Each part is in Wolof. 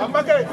Ambakay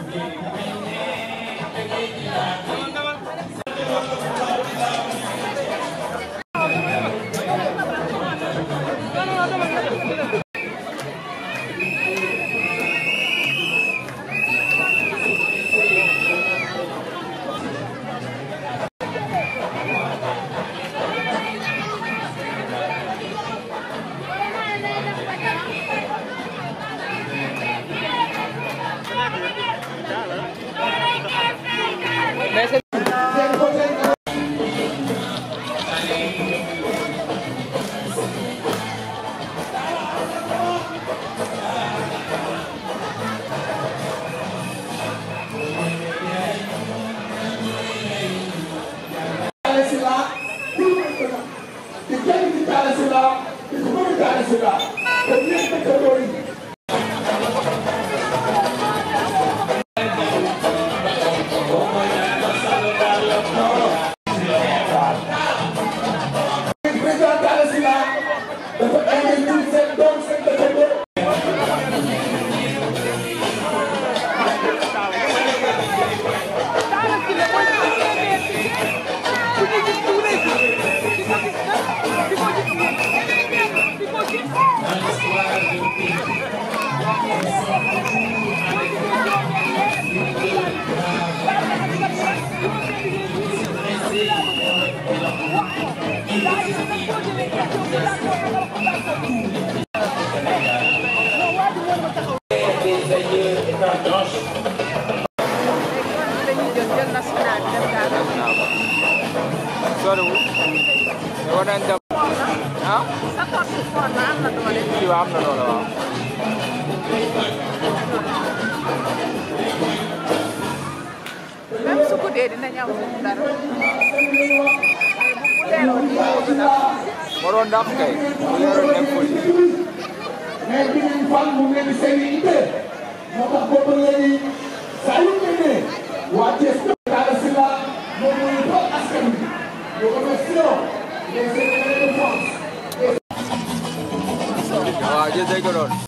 liggéey dinañ am suñu dara. waroon ndax kay. bu leeroon nekkul. mais bi ñu fal mu mel ni seen i itte moo tax boobu léegi saa yu mel ne waa Thiès Talla Sylla moom mooy toog askan bi yoo ko def sinon les éléments de force. waaw jërëjëf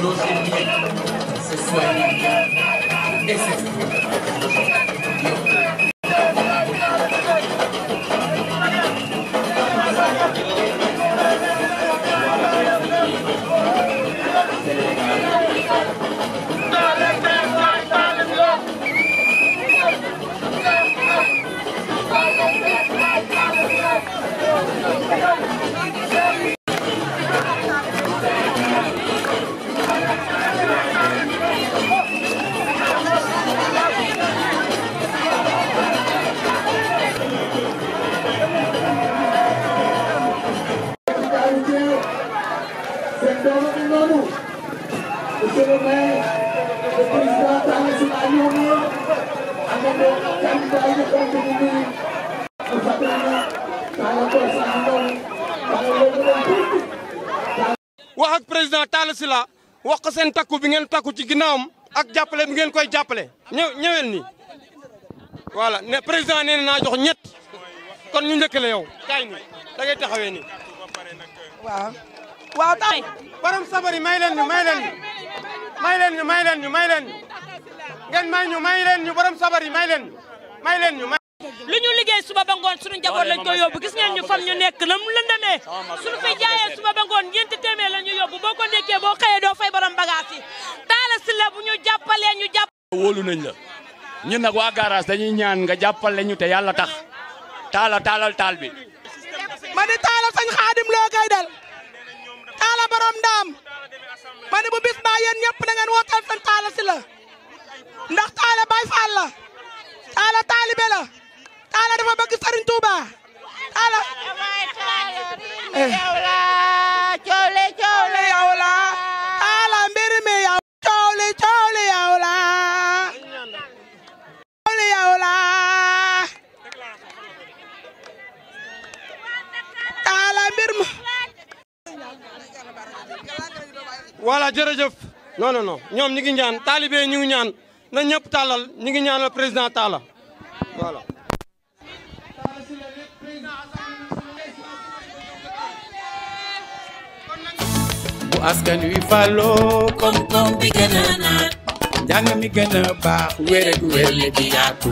loger mieux ce soir et cette fois. wax ak président Talla Sylla wax ko seen takku bi ngeen takku ci ginnaawam ak jàppale bi ngeen koy jàppale ñëw ñëwel nii voilà ne président nee na naa jox ñett kon ñu njëkkale yow kaay nii da ngay taxawee nii waaw waaw tax borom sabar yi may leen ñu may leen ñu may leen ñu may leen ñu may leen yi may leen ñu may leen lu ñu liggéey suba ba ngoon suñu njaboot lañ yóbbu gis ñu fam ñu nekk la mu lëndamee fi jaayee suba ba ngoon ñeenti téeméer ñu yóbbu boo ko nekkee boo xëyee doo fay borom bagaas yi si la bu ñu jàppalee ñu jàpp nga jàppale ñu te yàlla tax taala taalal taal bi ma taala sañ xaadim loo koy taala borom ndaam ma bu bis baa yéen ñëpp na ngeen wootal sañ taala si la ndax taala bay faal la Talla taalibe la Talla dafa bëgg Serigne Touba Talla yow eh. la coole coole yow la Talla mbir mi yow coole coole yow la coole yow la Talla mbir jërëjëf ñoom ñi ñaan taalibe ñu ñaan na ñëpp tàllal ñu ngi ñaanal président Talla voilà. bu askan wi fàlloo koom-koom bi gën a naat mi gën baax wér gu di yaatu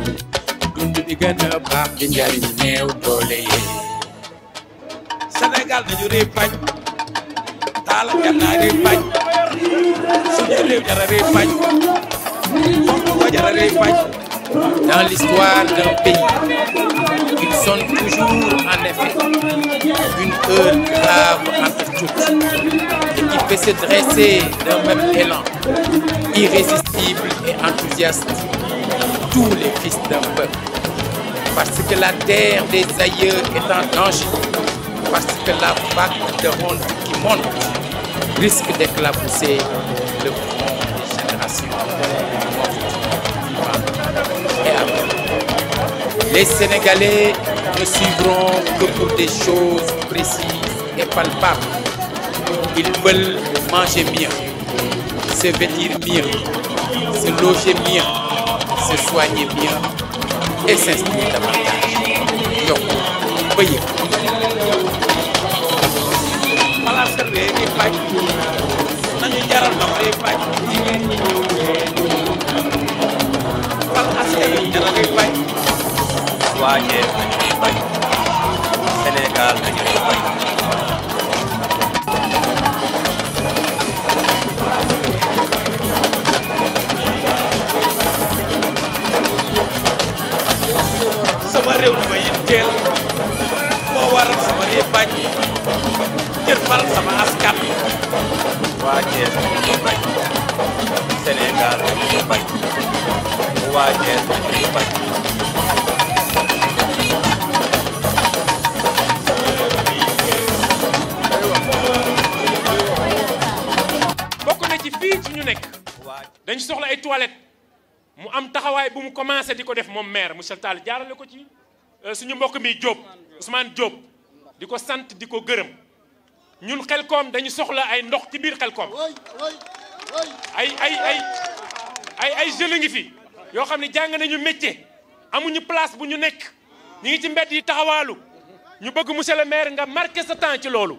dund bi gën baax di njariñ néew doole yi Sénégal dañu réew bañ Talla Diatta réew bañ suñu réew dans l'histoire d'un pays. Ils sont toujours, en effet, une heure grave entre toutes et qui peut se dresser d'un même élan, irrésistible et enthousiaste, tous les fils d'un peuple. Parce que la terre des aïeux est danger, parce que la vague de monde qui monte risque d'éclabousser le front des générations. Les Sénégalais ne suivront que pour des choses précises et palpables. Ils veulent manger mieux, se vêtir mieux, se loger mieux, se soigner mieux et s'instruire davantage. Yow, bëy waajee nañu ñuy bañ Sénégal nañu ñuy bañ def moom maire monsieur Tall jaarale ko ci euh, suñu mbokk mi Diop Ousmane Diop di ko sant di ko gërëm ñun Xelkom dañu soxla ay ndox ci biir Xelkom ay ay ay ay ay jeunes ngi fi yoo xam ne jàng nañu métier amuñu place bu ñu nekk ñu ngi ci mbedd yi taxawaalu ñu bëgg monsieur le maire nga marqué sa temps ci loolu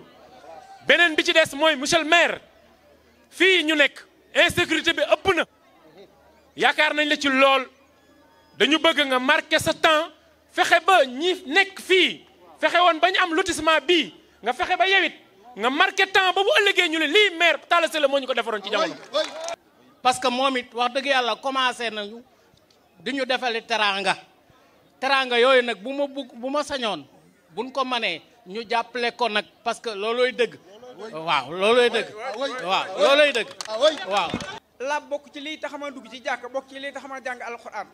beneen bi ci des mooy monsieur le maire fii ñu nekk insécurité bi ëpp na yaakaar nañ la ci lool dañu bëgg nga marke sa temps fexe ba ñi nekk fii fexe woon ba ñu am lotissement bii nga fexe ba yewit nga marqué temps ba bu ëllëgee ñu ne lii maire Talla Sylla moo ñu ko defaroon ci jamono. parce que moom it wax dëgg yàlla commencé nañu di ñu defali teraanga teraanga yooyu nag bu ma bugg bu ma sañoon bu buñ ko manee ñu jàppale ko nag parce que loolooy dëgg. waaw loolooy dëgg. waaw loolooy dëgg. Ah waaw. la bokk ci lii tax ma dugg ci jàkk bokk ci lii tax ma jàng alxuraan.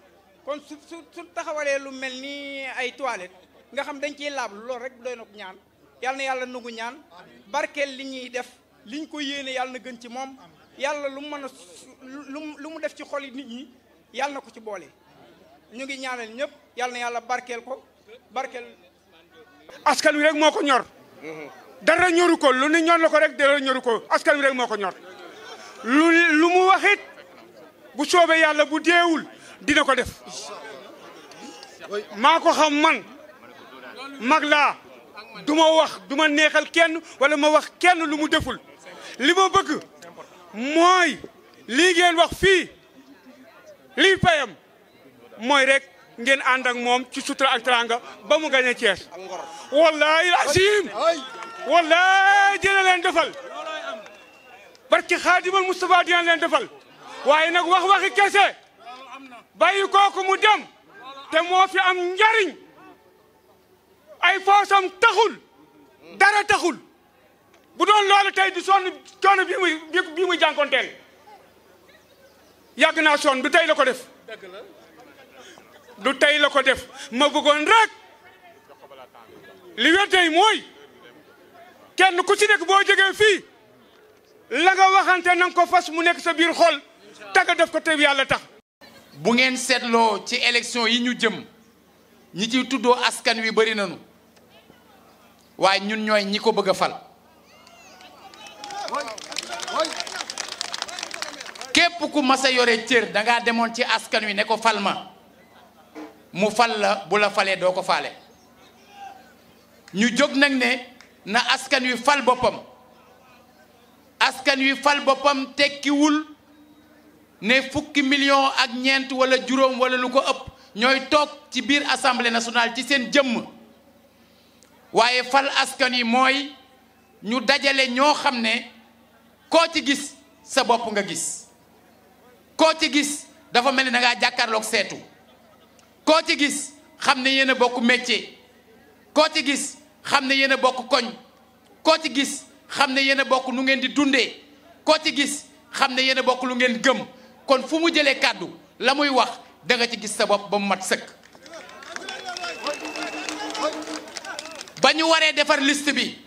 kon su su su taxawalee lu mel ni ay toilettes nga xam dañ ciy laablu lool rek doy na ko ñaan yàlla na yàlla nangu ñaan barkeel li ñuy def liñ ko yéene yàlla na gën ci moom yàlla lu mu mën a lu mu def ci xol yi nit ñi yàlla na ko ci boole ñu ngi ñaanal ñëpp yàlla na yàlla barkeel ko barkeel. askan wi rek moo ko ñor. dara ñoru ko lu ne ñor la ko rek dara ñoru ko askan wi rek moo ko ñor lu lu mu waxit bu soobee yàlla bu deewul. dina ko def maa ko xam man mag laa du ma wax du ma neexal kenn wala ma wax kenn lu mu deful li ma bëgg mooy lii ngeen wax fii lii payam mooy rek ngeen ànd ak moom ci sutura ak ba mu gañe Cees wallaahi asiim wallaahi dina leen defal barki xaadimal Moustapha dina leen defal waaye nag wax waxi kese bàyyi kooku mu dem te moo fi am njariñ ay foosam taxul dara taxul bu doon loolu tey du sonn coono bi muy bi muy jànkonteel naa sonn du tey la ko def du tey la ko def ma bëggoon rek li wér tey kenn ku ci nekk boo jógee fii la nga waxante na nga ko fas mu nekk sa biir xol taga def ko tey yàlla tax bu ngeen seetloo ci élection yi ñu jëm ñi ciy tuddoo askan wi bëri nañu waaye ñun ñooy ñi ko bëgg a fal képp ku mas yore cër danga demoon ci askan wi ne ko fal ma mu fal la bu la falee doo ko faale ñu jóg nag ne na askan wi fal boppam askan wi fal boppam tekkiwul ne fukki million ak ñeent wala juróom wala lu ko ëpp ñooy toog ci biir assemblée nationale ci seen jëmm waaye fal askan yi mooy ñu dajale ñoo xam ne koo ci gis sa bopp nga gis koo ci gis dafa mel ni da ngaa jàkkaarloog koo ci gis xam ne yéen a bokk métier koo ci gis xam ne yéen bokk koñ koo ci gis xam ne yéen bokk nu ngeen di dundee koo ci gis xam ne yéen a bokk lu ngeen gëm kon fu mu jëlee kàddu la muy wax danga ci gis sa bopp ba mu mat sëkk ba ñu waree defar list bi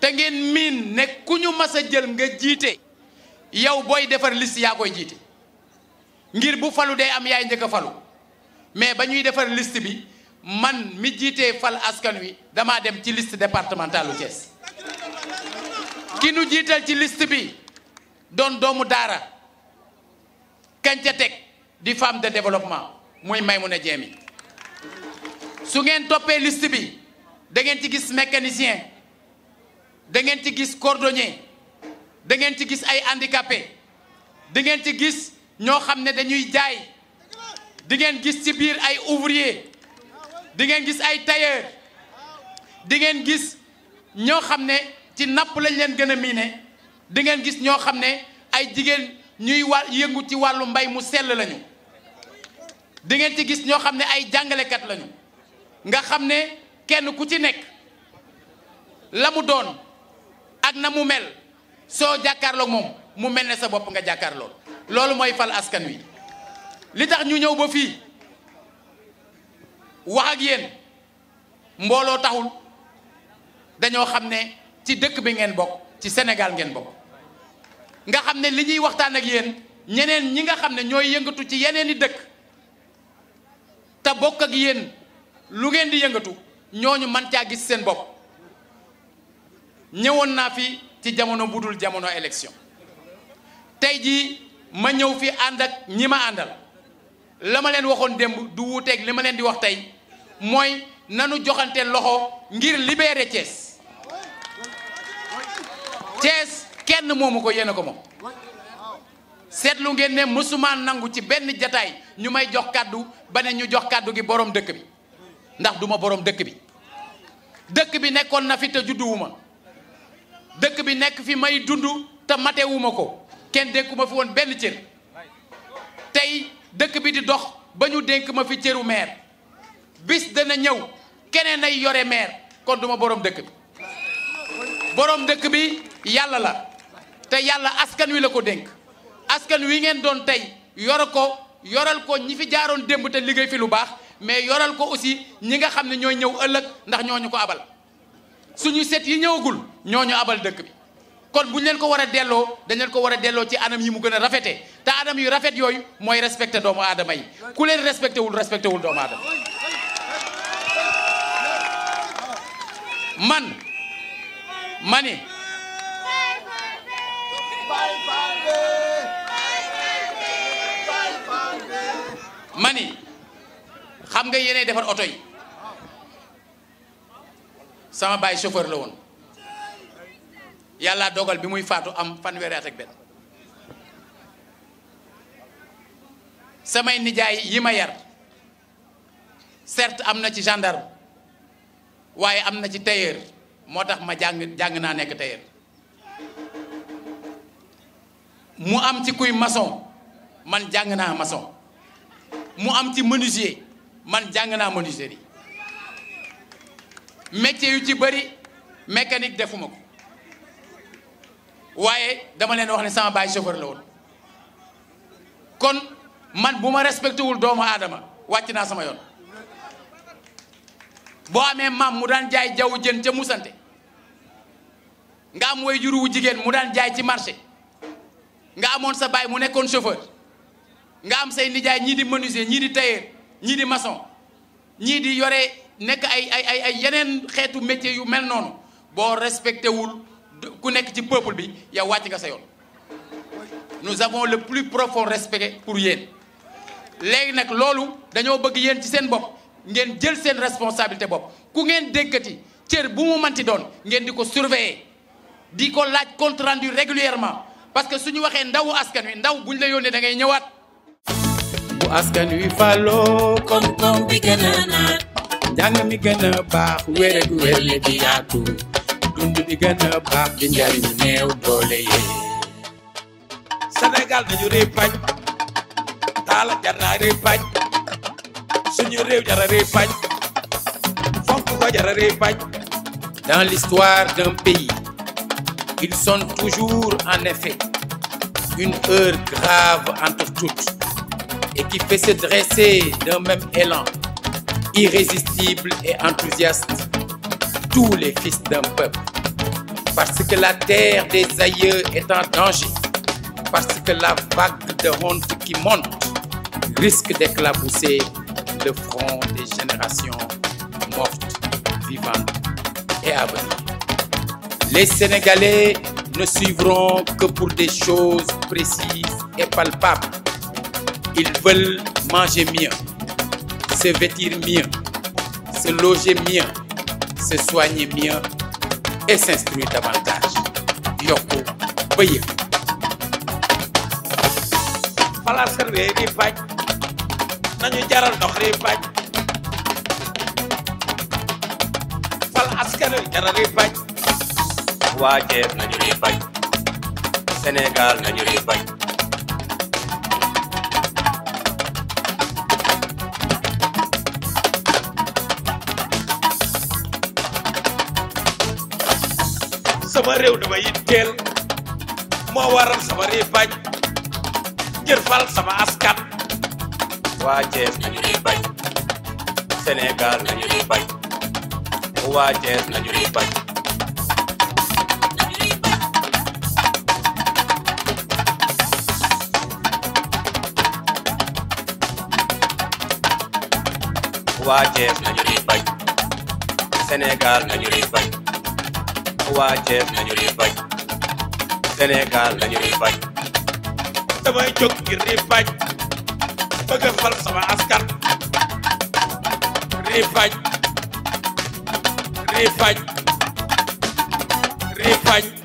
te ngeen miin ne ku ñu mas a jël nga jiite yow booy defar list yaa koy jiite ngir bu falu dee am yaay njëkk a falu mais ba ñuy defar list bi man mi jiite fal askan wi damaa dem ci list départementale u Thiès ki nu jiital ci list bi doon doomu daara kañ ca teg di femme de développement muy Maimouna Diémy su ngeen toppee liste bi da ngeen ci gis mécanicien da ngeen ci gis cordonnier da ngeen ci gis ay handicapé di ngeen ci gis ñoo xam ne dañuy jaay di ngeen gis ci biir ay ouvrier di ngeen gis ay tailleur di gis ñoo xam ne ci napp lañ leen gën a miine di ngeen gis ñoo xam ne ay jigéen ñuy wàll yëngu ci wàllu mbay mu sell lañu di ngeen ci gis ñoo xam ne ay jàngalekat lañu nga xam ne kenn ku ci nekk la mu doon ak na mu mel soo jàkkaarloo moom mu mel ne sa bopp nga jàkkaarloo loolu mooy fal askan wi li tax ñu ñëw ba fii wax ak yéen mbooloo taxul dañoo xam ne ci dëkk bi ngeen bokk ci Sénégal ngeen bokk nga xam ne li ñuy waxtaan ak yéen ñeneen ñi nga xam ne ñooy yëngatu ci yeneen i dëkk te bokk ak yéen lu ngeen di yëngatu ñooñu man caa gis seen bopp ñëwoon naa fi ci jamono bu dul jamono élection tey jii ma ñëw fi ànd ak ñi ma àndal la ma leen waxoon démb du wuuteeg li ma leen di wax tey mooy nanu joxante loxo ngir libérer Thiès kenn moomu ko yéene ko moom seetlu ngeen ne mësuma nangu ci benn jataay ñu may jox kàddu ba ne ñu jox kàddu gi boroom dëkk bi ndax duma boroom dëkk bi dëkk bi nekkoon na fi te judduwuma dëkk bi nekk fi may dund te matewuma ko kenn dénkuma fi woon benn cër tey dëkk bi di dox ba ñu dénk ma fi cëru maire bis dana ñëw keneen ay yore meer kon duma boroom dëkk bi borom dëkk bi yàlla la te yàlla askan wi la ko dénk askan wi ngeen doon tey yoro ko yoral ko ñi fi jaaroon démb te liggéey fi lu baax mais yoral ko aussi ñi nga xam ne ñooy ñëw ëllëg ndax ñoo ñu ko abal suñu set yi ñëwagul ñoo ñu abal dëkk bi kon bu ñu leen ko war a delloo dañ leen ko war a delloo ci anam yi mu gën a rafetee te anam yu rafet yooyu mooy respecté doomu aadama yi ku leen respecté wul respecté wul doomu aadama man mani xam nga yeneen defar oto sama baay chauffeur la woon yàlla dogal bi muy faatu am fanweeri at ak benn samay nijaay yi ma yar certes am na ci gendarme waaye am na ci tailleur moo tax ma jàng jàng naa nekk tailleur mu am ci kuy masoŋ man jàng naa masoŋ mu am ci menuisier man jàng naa menuiserie métier yu ci bëri mécanique defuma ko waaye dama leen wax ne sama baay chauffeur kon man bu ma respecté wul doomu aadama wàcc naa sama yoon boo amee maam mu daan jaay jaww jën ca musante nga am way juru wu jigéen mu daan jaay ci marché nga amoon sa baay mu nekkoon chauffeur nga am say nijaay ñii di menuisier ñii di tailleur ñii di maçon ñii di yore nekk ay ay ay ay yeneen xeetu métier yu mel noonu boo respecté wul ku nekk ci peuple bi yow wàcc nga sa yoon nous avons le plus profond respect pour yéen léegi nag loolu dañoo bëgg yéen ci seen bopp ngeen jël seen responsabilité bopp ku ngeen déggati cër bu mu manti doon ngeen di ko surveiller di ko laaj compte rendu régulièrement parce que ñu waxee ndaw askan wi ndaw buñ la yónnee da ngay ñëwaat bu askan wi faloo koom bi gën a naat njàng mi gën baax wéré gu wéré gi yaatu dund bi gën baax di njariñu néew doole yi Sénégal dañu réew pañ taala jar naa réew suñu réew jara réew pañ fonk ko jara réew pañ dans l'histoire d'un pays il sonne toujours en effet une heure grave entre toutes et qui fait se dresser d'un même élan, irrésistible et enthousiaste, tous les fils d'un peuple. Parce que la terre des aïeux est en danger, parce que la vague de honte qui monte risque d'éclabousser le front des générations mortes, vivantes et à Les Sénégalais ne suivront que pour des choses précises et palpables Ils veulent manger mieux, se vêtir mieux, se loger mieux, se soigner mieux et s'instruire davantage yokku ba yëg palaasar bi di nañu jaral ndox di bañ fal askan jaral di bañ waajeer nañu di bañ Sénégal nañu di bañ sama réew dama yitteel waa Thiès nañu riibañ Sénégal nañu riibañ waa nañu riibañ waa Cees nañu di faj Sénégal nañu di faj damay jóg ngir di faj bëgg a fal sama askan di faj di faj di faj